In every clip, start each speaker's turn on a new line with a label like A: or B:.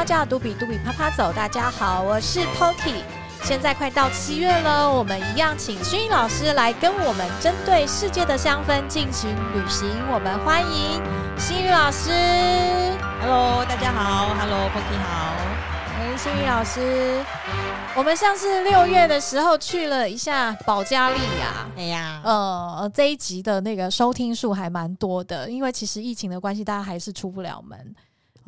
A: 大家度比度比趴趴走，大家好，我是 Poki。現在快到七月了，我們一樣請星羽老師來跟我們針對世界的香氛進行旅行。我們歡迎星羽老師。Hello，, Hello 大家好。Hello，Poki Hello, 好。歡迎星羽老師。我們像是六月的時候去了一下保加利亞。哎呀，呃，這一集的那個收聽數還蠻多的，因為其實疫情的關係，大家還是出不了門。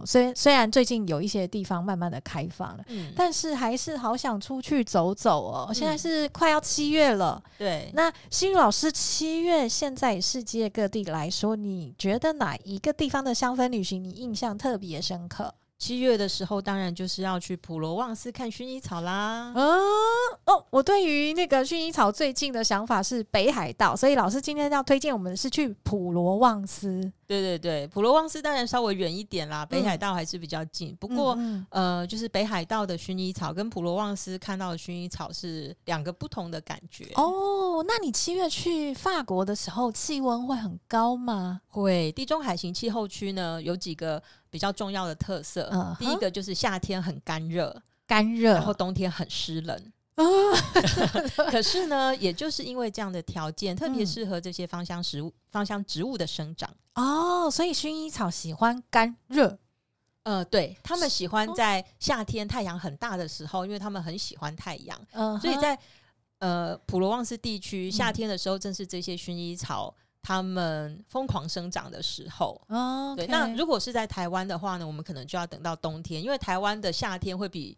A: 雖雖然最近有一些地方慢慢的開放了，嗯、但是還是好想出去走走哦、喔。嗯、現在是快要七月了，嗯、對。那星羽老師，七月現在世界各地來說，你覺得哪一個地方的香氛旅行你印象特別深刻？
B: 七月的時候，當然就是要去普羅旺斯看薰衣草啦。
A: 嗯，哦，我對於那個薰衣草最近的想法是北海道，所以老師今天要推薦我們是去普羅旺斯。
B: 對對對，普羅旺斯當然稍微遠一點啦，北海道還是比較近。嗯、不過、嗯、呃，就是北海道的薰衣草跟普羅旺斯看到的薰衣草是兩個不同的感覺。哦，
A: 那你七月去法國的時候，氣溫會很高嗎？會，地
B: 中海型氣候區呢，有幾個。比較重要的特色，uh huh、第一個就是夏天很乾熱，
A: 乾熱熱，然後
B: 冬天很濕冷。Uh huh. 可是呢， 也就是因為這樣的條件，嗯、特別適合這些芳香植物、芳香植物的生長。哦，oh, 所以薰衣草喜歡乾熱。呃，對，他們喜歡在夏天太陽很大的時候，因為他們很喜歡太陽。Uh huh、所以在呃普羅旺斯地區，夏天的時候正是這些薰衣草。他們瘋狂生長的時候，oh, okay 對。那如果是在台灣的話呢，我們可能就要等到冬天，因為台灣的夏天會比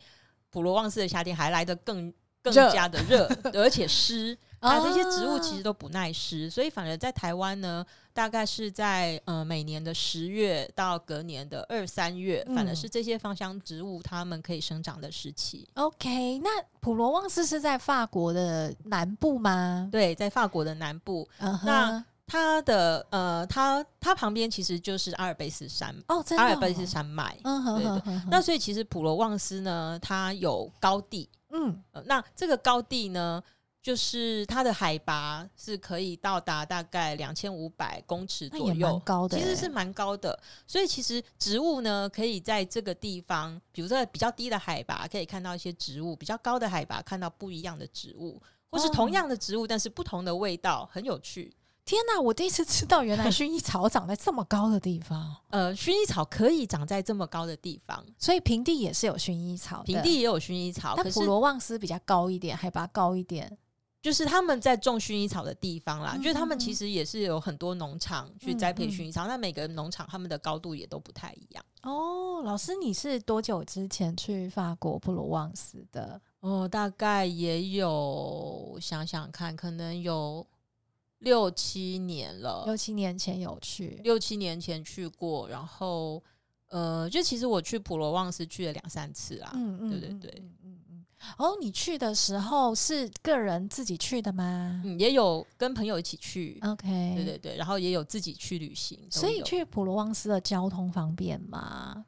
B: 普羅旺斯的夏天還來得更更加的熱，熱而且濕。那、 啊、這些植物其實都不耐濕，所以反而在台灣呢，大概是在呃每年的十月到隔年的二三月，嗯、反而是這些芳香植物它們可以生長的時期。
A: OK，那普羅旺斯是在法國的南部嗎？對，在法國的南部。Uh huh、
B: 那它的呃，它它旁邊其實就是阿爾卑斯山哦，阿爾卑斯山脈、嗯嗯，嗯，對的。那所以其實普羅旺斯呢，它有高地，嗯、呃，那這個高地呢，就是它的海拔是可以到達大概兩千五百公尺左右，高的其實是蠻高的。所以其實植物呢，可以在這個地方，比如說比較低的海拔可以看到一些植物，比較高的海拔看到不一樣的植物，或是同樣的植物、哦、但是不同的味道，很有趣。
A: 天哪！我第一次知道，原來薰衣草長在這麼高的地方。 呃，薰衣草
B: 可以長在這麼高的地方，
A: 所以平地也是有薰衣草的，平地也有薰衣草。但普羅旺斯比較高一點，海拔是高一點，
B: 就是他們在種薰衣草的地方啦。嗯、就是他們其實也是有很多農場去栽培薰衣草，那、嗯、每個農場他們的高度也都不太一
A: 樣。哦，老師，你是多久之前去法國普羅旺斯的？
B: 哦，大概也有，想想看，可能有。六七年了，六七年前有去，六七年前去過，然後呃，就其實我去普羅旺斯去了兩三次啊，嗯嗯，嗯嗯對對
A: 對，哦，你去的時候是個人自己去的嗎？嗯，也有跟朋友一起去，OK，對對對，
B: 然後也有自己去旅行。所以去
A: 普羅旺斯的交通方便嗎？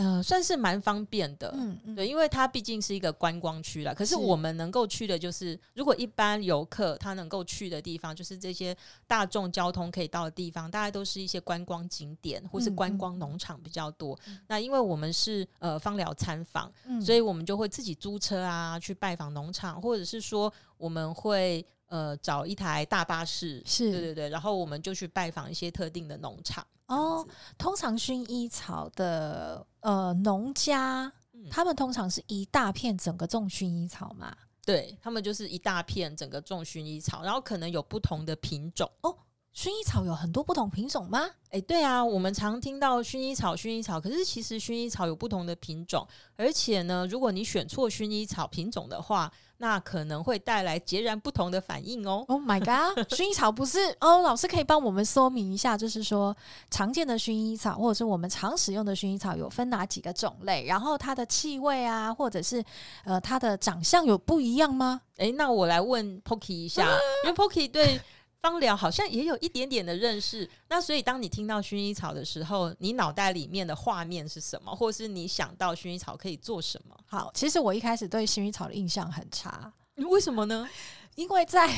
A: 呃，算是蠻方便的，嗯，
B: 對，因為它畢竟是一個觀光區了。是可是我們能夠去的，就是如果一般遊客他能夠去的地方，就是這些大眾交通可以到的地方，大概都是一些觀光景點或是觀光農場比較多。嗯、那因為我們是呃芳療參訪，嗯、所以我們就會自己租車啊去拜訪農場，或者是說我們會呃找一台大巴士，是，對對對，然後我們就去拜訪一些特定的農場。
A: 哦，通常薰衣草的呃農家，嗯、他們通常是一大片整個種薰衣草嘛？
B: 對，他們就是一大片整個種薰衣草，然後可能有不同的品種哦。薰衣草有很多不同品種嗎？誒，對啊，我們常聽到薰衣草，薰衣草，可是其實薰衣草有不同的品種，而且呢，如果你選錯薰衣草品種的話，那可能會帶來截然不同的反應哦。Oh my god， 薰衣
A: 草不是哦？老師可以幫我們說明一下，就是說常見的薰衣草，或者是我們常使用的薰衣草，有分哪幾個種類？然後它的氣味啊，或者是呃，它的長相有不一樣嗎？哎，那我來問 Poki 一下， 因為 Poki 對。 芳療
B: 好像也有一點點的認識，那所以當你聽到薰衣草的時候，你腦袋裡面的畫面是什麼，或是你想到薰衣草可以做什麼？
A: 好，其實我一開始對薰衣草的印象很差，嗯，為什麼呢？因為在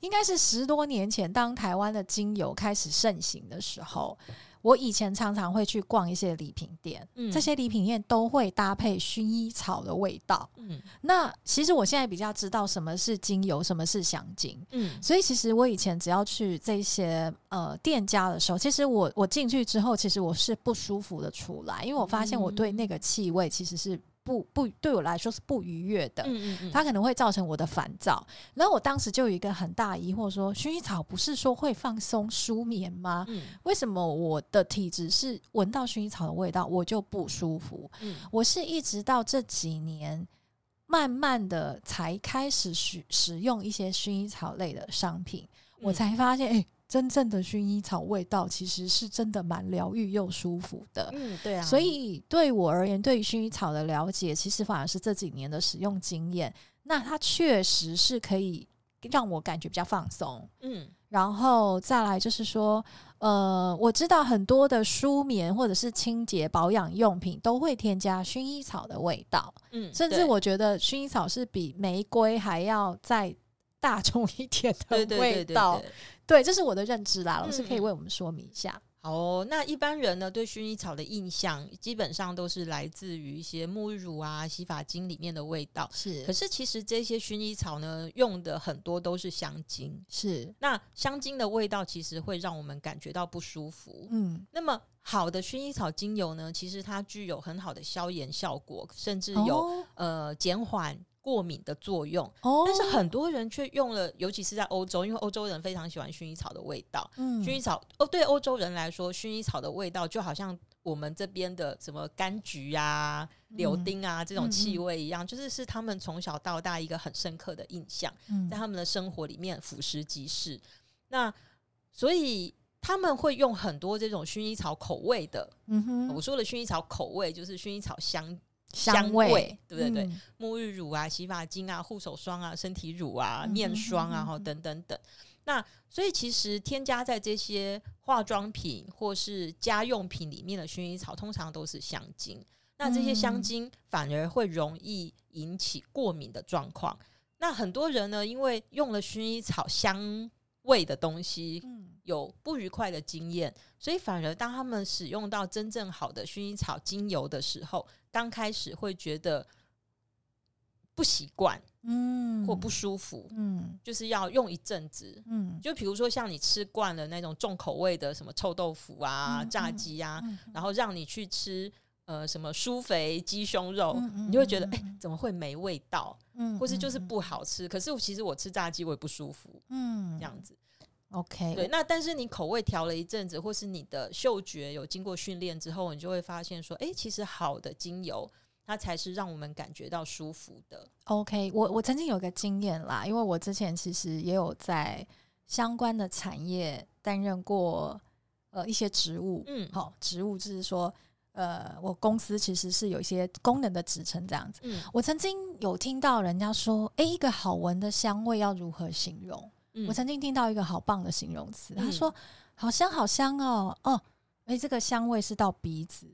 A: 應該是十多年前，當台灣的精油開始盛行的時候。我以前常常會去逛一些禮品店，嗯，這些禮品店都會搭配薰衣草的味道，嗯。那其實我現在比較知道什麼是精油，什麼是香精，嗯。所以其實我以前只要去這些呃店家的時候，其實我我進去之後，其實我是不舒服的出來，因為我發現我對那個氣味其實是。不不，對我來說是不愉悅的，它可能會造成我的煩躁。嗯嗯、然後我當時就有一個很大疑惑，說薰衣草不是說會放鬆、舒眠嗎？嗯、為什麼我的體質是聞到薰衣草的味道，我就不舒服？嗯、我是一直到這幾年慢慢的才開始使使用一些薰衣草類的商品，嗯、我才發現，欸真正的薰衣草味道其實是真的蠻療癒又舒服的，嗯，對啊。所以對我而言，對於薰衣草的了解，其實反而是這幾年的使用經驗。那它確實是可以讓我感覺比較放鬆，嗯。然後再來就是說，呃，我知道很多的舒眠或者是清潔保養用品都會添加薰衣草的味道，嗯。甚至我覺得薰衣草是比玫瑰還要再大眾一點的味道。對對對對對對對，這是我的認知啦，老師可以為我們說明一下。嗯、
B: 好、哦，那一般人呢，對薰衣草的印象，基本上都是來自於一些沐浴乳啊、洗髮精裡面的味道。是，可是其實這些薰衣草呢，用的很多都是香精。是，那香精的味道其實會讓我們感覺到不舒服。嗯，那麼好的薰衣草精油呢，其實它具有很好的消炎效果，甚至有、哦、呃減緩。過敏的作用，
A: 但是很
B: 多人卻用了，尤其是在歐洲，因為歐洲人非常喜歡薰衣草的味道。嗯、薰衣草哦，對歐洲人來說，薰衣草的味道就好像我們這邊的什麼柑橘啊、嗯、柳丁啊這種氣味一樣，嗯嗯、就是是他們從小到大一個很深刻的印象，嗯、在他們的生活裡面俯拾即是。那所以他們會用很多這種薰衣草口味的。嗯
A: 哼，我
B: 說的薰衣草口味就是薰衣草香。香味對不對？對、嗯，沐浴乳啊、洗髮精啊、護手霜啊、身體乳啊、面霜啊，嗯、哼哼哼等等等。那所以其實添加在這些化妝品或是家用品裡面的薰衣草，通常都是香精。那這些香精反而會容易引起過敏的狀況。嗯、那很多人呢，因為用了薰衣草香味的東西，嗯有不愉快的經驗，所以反而當他們使用到真正好的薰衣草精油的時候，剛開始會覺得不習慣，或不舒服，嗯、就是要用一陣子，嗯、就比如說像你吃慣了那種重口味的什麼臭豆腐啊、嗯、炸雞啊，嗯嗯、然後讓你去吃呃什麼舒肥雞胸肉，嗯嗯、你就會覺得哎、欸，怎麼會沒味道，嗯、或是就是不好吃。可是其實我吃炸雞我也不舒服，嗯，這樣子。OK，對，那但是你口味調了一陣子，或是你的嗅覺有經過訓練之後，你就會發現說，哎、欸，其實好的精油，它才是讓我們感覺到舒服的。
A: OK，我我曾經有一個經驗啦，因為我之前其實也有在相關的產業擔任過呃一些職務，嗯，好、哦，職務就是說，呃，我公司其實是有一些功能的職稱這樣子。嗯，我曾經有聽到人家說，哎、欸，一個好聞的香味要如何形容？我曾經聽到一個好棒的形容詞，嗯、他說：“好香，好香哦，哦，誒、欸，這個香味是到鼻子，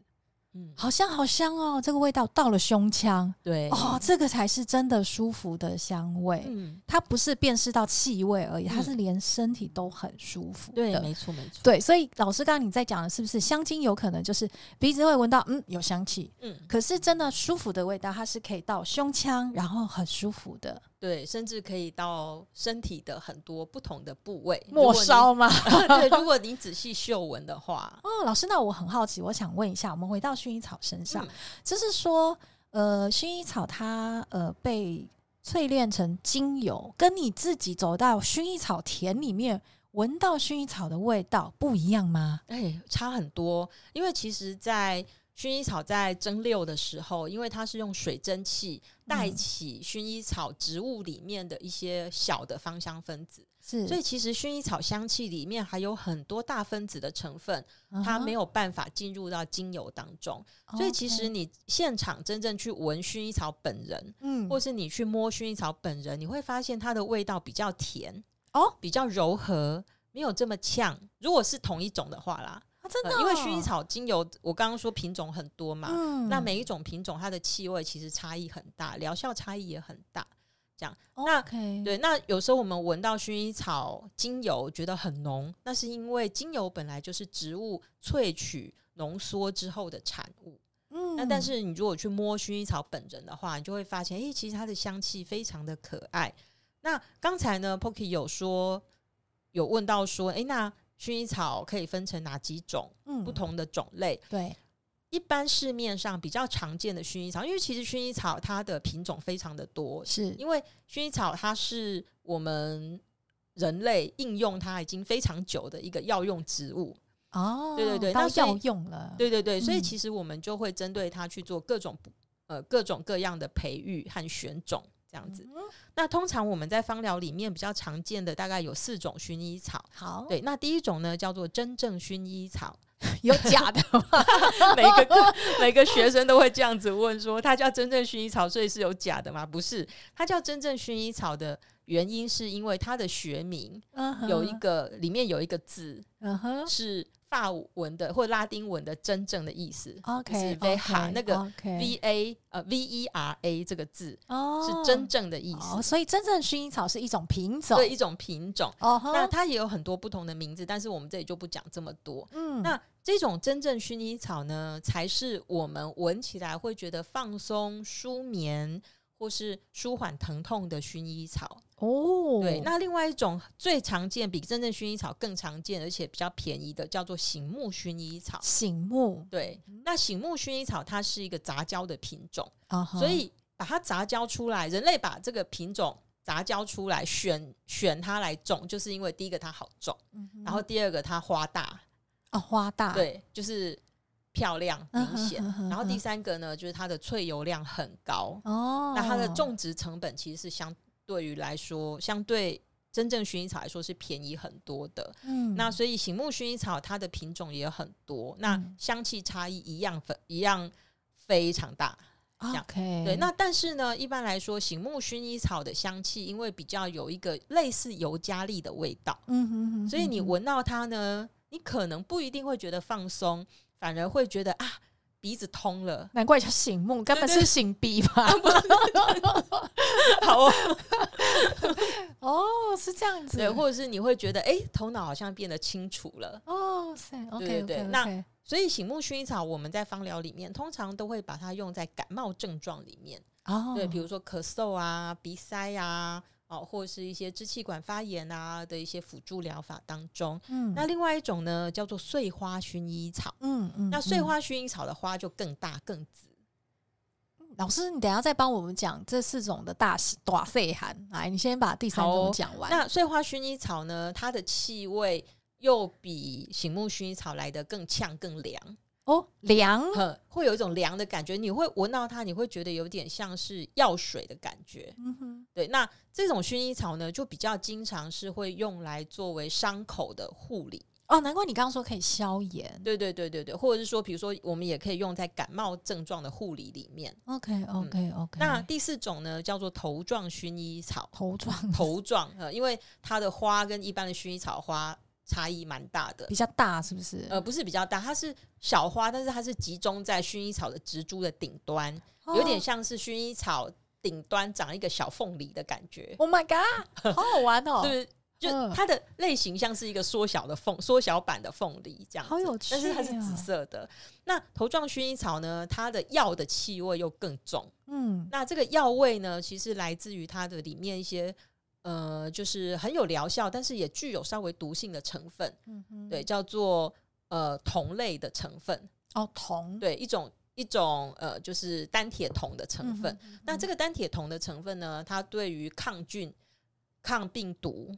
A: 嗯，好香，好香哦，這個味道到了胸腔，對，哦，嗯、這個才是真的舒服的香味，嗯，它不是辨識到氣味而已，它是連身體都很舒服，嗯、對，沒錯，沒錯，對，所以老師剛剛你在講的是不是香精有可能就是鼻子會聞到，嗯，有香氣，嗯，可是真的舒服的味道，它是可以到胸腔，然後很舒服的。”
B: 對，甚至可以到身體的很多不同的部位。末梢嗎？ 對，如果你仔細嗅聞的話。
A: 哦，老師，那我很好奇，我想問一下，我們回到薰衣草身上，嗯、就是說，呃，薰衣草它呃被淬煉成精油，跟你自己走到薰衣草田裡面聞到薰衣草的味道不一樣嗎？哎、欸，差很多，
B: 因為其實，在薰衣草在蒸餾的時候，因為它是用水蒸氣帶起薰衣草植物裡面的一些小的芳香分子，嗯、是、所以其實薰衣草香氣裡面還有很多大分子的成分，它沒有辦法進入到精油當中。Uh huh、所以其實你現場真正去聞薰衣草本人，嗯、或是你去摸薰衣草本人，你會發現它的味道比較甜哦，uh huh、比較柔和，沒有這麼嗆。如果是同一種的話啦。真的、嗯，因為薰衣草精油，我剛剛說品種很多嘛，嗯、那每一種品種它的氣味其實差異很大，療效差異也很大。這樣，Okay. 那對，那有時候我們聞到薰衣草精油覺得很濃，那是因為精油本來就是植物萃取濃縮之後的產物。嗯，那但是你如果去摸薰衣草本人的話，你就會發現，哎、欸，其實它的香氣非常的可愛。那剛才呢，Poki 有說，有問到說，哎、欸，那。薰衣草可以分成哪幾種？嗯，不同的種類，對，一般市面上比較常見的薰衣草，因為其實薰衣草它的品種非常的多，是因為薰衣草它是我們人類應用它已經非常久的一個藥用植物，
A: 哦，對對對，對對對，它藥用了，對對對，所以其
B: 實我們就會針對它去做各種呃各種各樣的培育和選種。這樣子，那通常我們在芳療裡面比較常見的大概有四種薰衣草。好，對，那第一種呢，叫做真正薰衣草。 有假的嗎？ 每個 每個學生都會這樣子問說，它叫真正薰衣草，所以是有假的嗎？不是，它叫真正薰衣草的原因是因為它的學名有一個、uh huh. 裡面有一個字、uh huh. 是。法文的或拉丁文的真正的意思
A: ，okay, 是 Vera, okay, 那個 V
B: A 呃 okay、uh, V E R A 這個字，oh, 是真正的意思，oh,
A: 所以真正薰衣草是一種品種，對一種品種。Uh huh，那它也有很多不
B: 同的名字，但是我們這裡就不講這麼多。嗯，那這種真正薰衣草呢，才是我們聞起來會覺得放鬆、舒眠或是舒緩疼痛的薰衣草。哦，oh. 對，那另外一種最常見、比真正薰衣草更常見而且比較便宜的，叫做醒目薰衣草。醒目，對，那醒目薰衣草它是一個雜交的品種，uh huh. 所以把它雜交出來，人類把這個品種雜交出來，選選它來種，就是因為第一個它好種，uh huh. 然後第二個它花大，哦、
A: uh，花大，對，
B: 就是漂亮明顯，uh huh. 然後第三個呢，就是它的萃油量很高、uh huh. 那它的種植成本其實是相。對於來說，相對真正薰衣草來說是便宜很多的。嗯，那所以醒目薰衣草它的品種也有很多，那香氣差異一樣非一樣非常大
A: ，OK，對，那
B: 但是呢，一般來說醒目薰衣草的香氣，因為比較有一個類似尤加利的味道，嗯
A: 哼哼哼哼，所以你聞
B: 到它呢，你可能不一定會覺得放鬆，反而會覺得啊。
A: 鼻子通了，難怪叫醒目，根本是醒鼻吧？好
B: 哦， oh, 是這樣子，對，或者是你會覺得，哎、欸，頭腦好像變得清楚了。
A: 哦、oh, okay, okay, okay, okay.，對對對，那
B: 所以醒目薰衣草，我們在芳療裡面通常都會把它用在感冒症狀裡面啊，oh. 對，比如說咳嗽啊，鼻塞呀、啊。哦、或者是一些支氣管發炎啊的一些輔助療法當中，嗯，那另外一種呢叫做穗花薰衣草，嗯，嗯那穗花薰衣草的花
A: 就更大更紫。嗯嗯、老師，你等下再幫我們講這四種的大大肺寒。來，你先把第三種講完。那
B: 穗花薰衣草呢，它的氣味又比醒目薰衣草來得更嗆更涼。
A: 哦，涼、嗯，
B: 會有一種涼的感覺。你會聞到它，你會覺得有點像是藥水的感覺。嗯、哼對。那這種薰衣草呢，就比較經常是會用來作為傷口的
A: 護理。哦，難怪你剛剛說可以消
B: 炎。對對對對對，或者是說，比如說，我們也可以用在感冒症狀的護理裡面。
A: OK OK OK、嗯。那
B: 第四種呢，叫做頭狀薰衣草。頭狀壯頭狀，呃、嗯，因為它的花跟一般的薰衣草花，差異蠻大的，比較大是不是？呃，不是比較大，它是小花，但是它是集中在薰衣草的植株的頂端，哦、有點像是薰衣草頂端長一個小鳳梨的感覺。Oh my god， 好好玩哦！不是就它的類型像是一個縮小的鳳，縮小版的鳳梨這樣。好有趣、啊，但是它是紫色的。那頭狀薰衣草呢？它的藥的氣味又更重。嗯，那這個藥味呢，其實來自於它的裡面一些。呃，就是很有療效，但是也具有稍微毒性的成分，嗯、哼對，叫做呃酮類的成分哦，酮對一種一種呃，就是單萜酮的成分。嗯嗯、那這個單萜酮的成分呢，它對於抗菌、抗病毒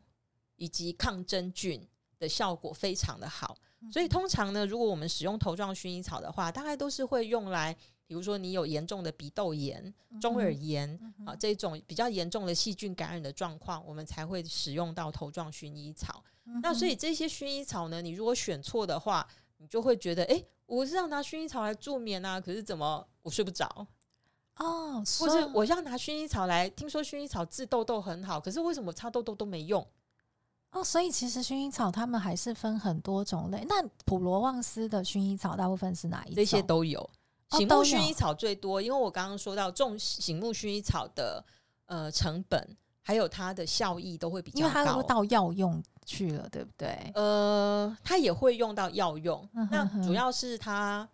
B: 以及抗真菌的效果非常的好。嗯、哼所以通常呢，如果我們使用頭狀薰衣草的話，大概都是會用來。比如說，你有嚴重的鼻竇炎、中耳炎、嗯嗯、啊這種比較嚴重的細菌感染的狀況，我們才會使用到頭狀薰衣草。嗯、哼那所以這些薰衣草呢，你如果選錯的話，你就會覺得，哎、欸，我是要拿薰衣草來助眠啊，可是怎麼我睡不着？哦，所以或是我要拿薰衣草來，聽說薰衣草治痘痘很好，可是為什麼擦痘痘都沒用？
A: 哦，所以其實薰衣草它們還是分很多種類。那普羅旺斯的薰衣草大部分是哪一種？這些都有。醒目薰衣
B: 草最多，哦、因為我剛剛說到種醒目薰衣草的，呃，成本還有它的效益都會比較高，因為它到
A: 藥用去了，對不對？
B: 呃，它也會用到藥用，嗯、哼哼，那主要是它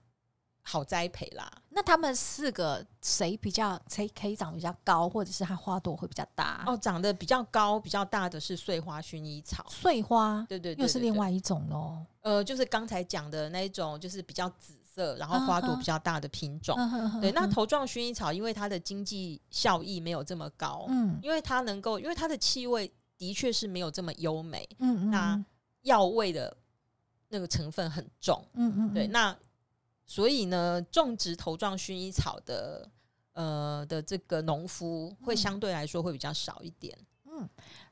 B: 好栽培啦。那他們四個誰比較，誰可以長比較高，或者是它花朵會比較大？哦，長得比較高、比較大的是穗花薰衣草。穗
A: 花，對對，對，對對，又是另外一種咯。
B: 呃，就是剛才講的那一種，就是比較紫。然後花朵比較大的品種，啊啊啊啊啊、對，嗯、那頭狀薰衣草，因為它的經濟效益沒有這麼高，嗯，因為它能夠，因為它的氣味的確是沒有這麼優美，嗯，嗯那藥味的那個成分很重，嗯嗯，嗯對，嗯、那所以呢，種植頭狀薰衣草的，呃的這個農夫會相對來說會比較少一點，
A: 嗯，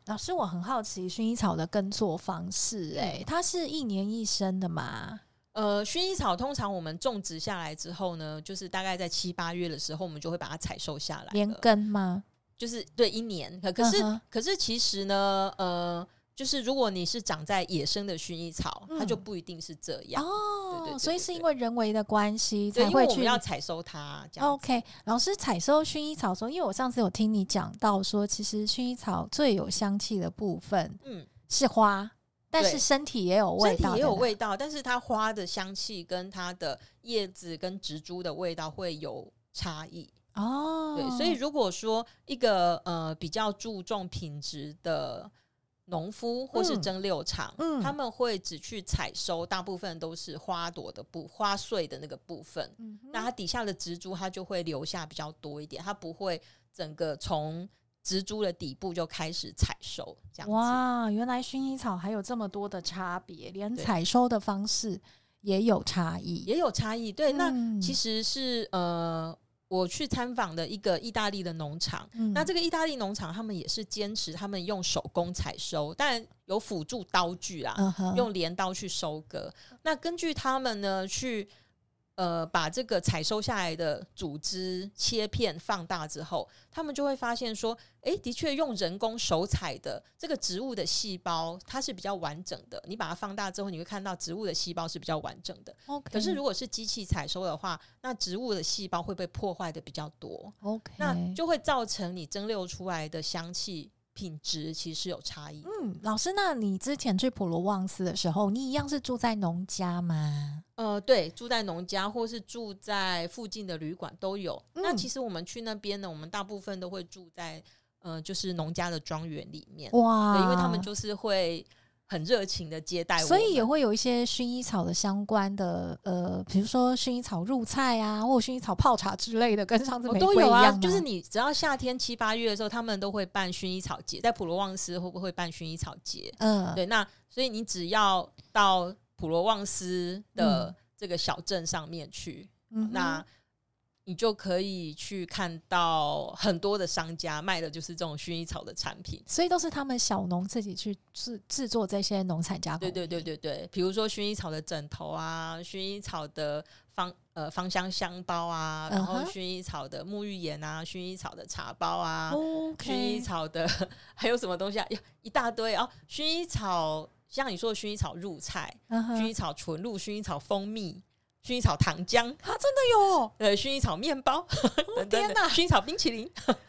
A: 老師，我很好奇薰衣草的耕作方式、欸，哎、嗯，它是一年一生的嗎？
B: 呃，薰衣草通常我們種植下來之後呢，就是大概在七八月的時候，我們就會把它採收下來，
A: 連根嗎？
B: 就是對，一年。可是、嗯哼，可是其實呢，呃，就是如果你是長在野生的薰衣草，嗯，它就不一定是這樣。哦，對對，
A: 對，對對，所以是因為人為的關係才會去，對，因為我們要
B: 採收它。OK，
A: 老師採收薰衣草的時候，因為我上次有聽你講到說，其實薰衣草最有香氣的部分，嗯，是花。嗯但是身體也有味道，身體也有味
B: 道。吧但是它花的香氣跟它的葉子跟植株的味道會有差異
A: 哦。對，所以如
B: 果說一個呃比較注重品質的農夫或是蒸餾廠，他、嗯嗯、們會只去採收大部分都是花朵的部花穗的那個部分，嗯、哼那它底下的植株它就會留下比較多一點，它不會整個從。植株的底部就開始採收，
A: 這樣子。哇，原來薰衣草還有這麼多的差別，連採收的方式也有差異，對也有差異。對，嗯、那其
B: 實是呃，我去參訪的一個意大利的農場，嗯、那這個意大利農場他們也是堅持他們用手工採收，但有輔助刀具啊，嗯、哼用鐮刀去收割。那根據他們呢去。呃，把這個採收下來的組織切片放大之後，他們就會發現說，哎，的確用人工手採的這個植物的細胞，它是比較完整的。你把它放大之後，你會看到植物的細胞是比較完整的。
A: Okay. 可是如果
B: 是機器採收的話，那植物的細胞會被破壞的比較多。Okay. 那就會造成你蒸餾出來的香氣。品質其實是有差異。
A: 嗯，老師，那你之前去普羅旺斯的時候，你一樣是住在農家嗎？呃，
B: 對，住在農家或是住在附近的旅館都有。嗯，那其實我們去那邊呢，我們大部分都會住在，呃，就是農家的莊園裡面。哇，對，因為他們就是會。很熱情的接待我，所以也
A: 會有一些薰衣草的相關的，呃，比如說薰衣草入菜啊，或薰衣草泡茶之類的。跟上次、啊哦、都有啊，就是
B: 你只要夏天七八月的時候，他們都會辦薰衣草節，在普羅旺斯會不會辦薰衣草節？嗯，對，那所以你只要到普羅旺斯的這個小鎮上面去，嗯、那。你就可以去看到很多的商家賣的就是這種薰衣草的產品，
A: 所以都是他們小農自己去制製作這些農產品。對對
B: 對對對，比如說薰衣草的枕頭啊，薰衣草的芳呃芳香香包啊，然後薰衣草的沐浴鹽啊，薰衣草的茶包啊，薰衣草的還有什麼東西啊？一大堆哦，薰衣草像你說的薰衣草入菜，薰衣草純露，薰衣草蜂蜜。薰衣草糖漿啊，真的有熏、呃、薰衣草麵包，天吶，薰衣草冰淇淋哦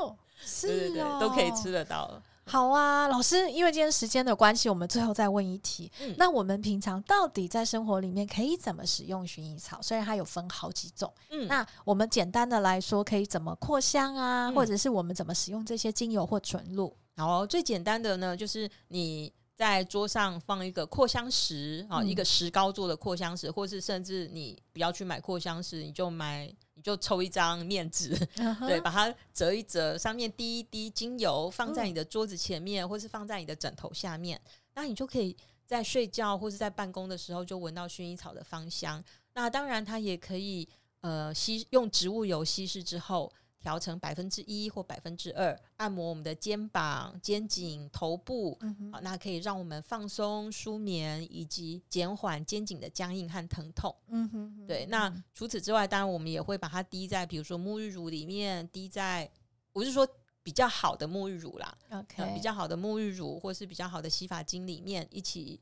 B: ，oh, 是、喔，對對對，都可以吃得到。
A: 好啊，老師，因為今天時間的關係，我們最後再問一題。嗯、那我們平常到底在生活裡面可以怎麼使用薰衣草？雖然它有分好幾種，嗯，那我們簡單的來說，可以怎麼擴香啊？嗯、或者是我們怎麼使用這些精油或純露？
B: 好哦，最簡單的呢，就是你。在桌上放一個擴香石，啊，一個石膏做的擴香石，嗯、或是甚至你不要去買擴香石，你就買你就抽一張面紙，uh huh、對，把它折一折，上面滴一滴精油，放在你的桌子前面，嗯、或是放在你的枕頭下面，那你就可以在睡覺或是在辦公的時候就聞到薰衣草的芳香。那當然，它也可以呃稀用植物油稀釋之後。調成百分之一或百分之二，按摩我們的肩膀、肩頸、頭部，好、嗯哼、啊，那可以讓我們放鬆、舒眠以及減緩肩頸的僵硬和疼痛。嗯哼，嗯哼，對。那除此之外，當然我們也會把它滴在，比如說沐浴乳裡面，滴在，我是說比較好的沐浴乳啦，OK，嗯，比較好的沐浴乳或是比較好的洗髮精裡面，一起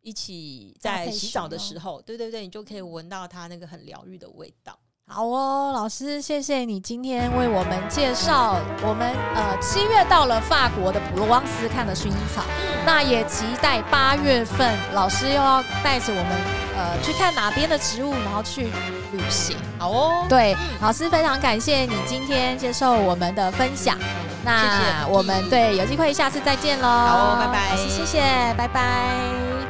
B: 一起在洗澡的時候，對對對，你就可以聞到它那個很療癒的味
A: 道。好哦，老師，謝謝你今天為我們介紹我們呃七月到了法國的普羅旺斯看的薰衣草，那也期待八月份老師又要帶着我們呃去看哪邊的植物，然後去旅行。好哦，對，老師非常感謝你今天接受我們的分享，那我們對有機會下次再見嘍。好哦，拜拜，老師謝謝，拜拜。